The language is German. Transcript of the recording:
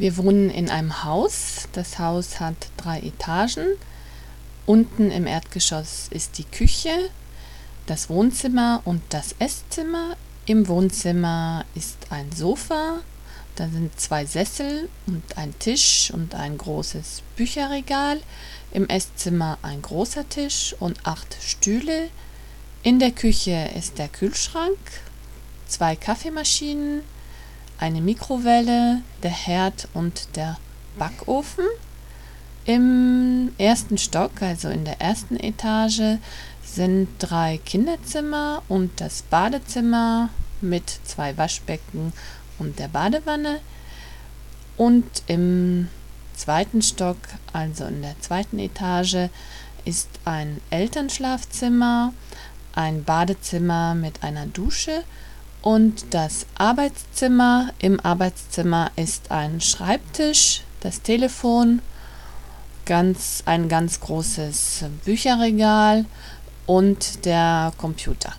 Wir wohnen in einem Haus. Das Haus hat drei Etagen. Unten im Erdgeschoss ist die Küche, das Wohnzimmer und das Esszimmer. Im Wohnzimmer ist ein Sofa, da sind zwei Sessel und ein Tisch und ein großes Bücherregal. Im Esszimmer ein großer Tisch und acht Stühle. In der Küche ist der Kühlschrank, zwei Kaffeemaschinen, eine Mikrowelle, der Herd und der Backofen. Im ersten Stock, also in der ersten Etage, sind drei Kinderzimmer und das Badezimmer mit zwei Waschbecken und der Badewanne. Und im zweiten Stock, also in der zweiten Etage, ist ein Elternschlafzimmer, ein Badezimmer mit einer Dusche und das Arbeitszimmer. Im Arbeitszimmer ist ein Schreibtisch, das Telefon, ganz, ein ganz großes Bücherregal und der Computer.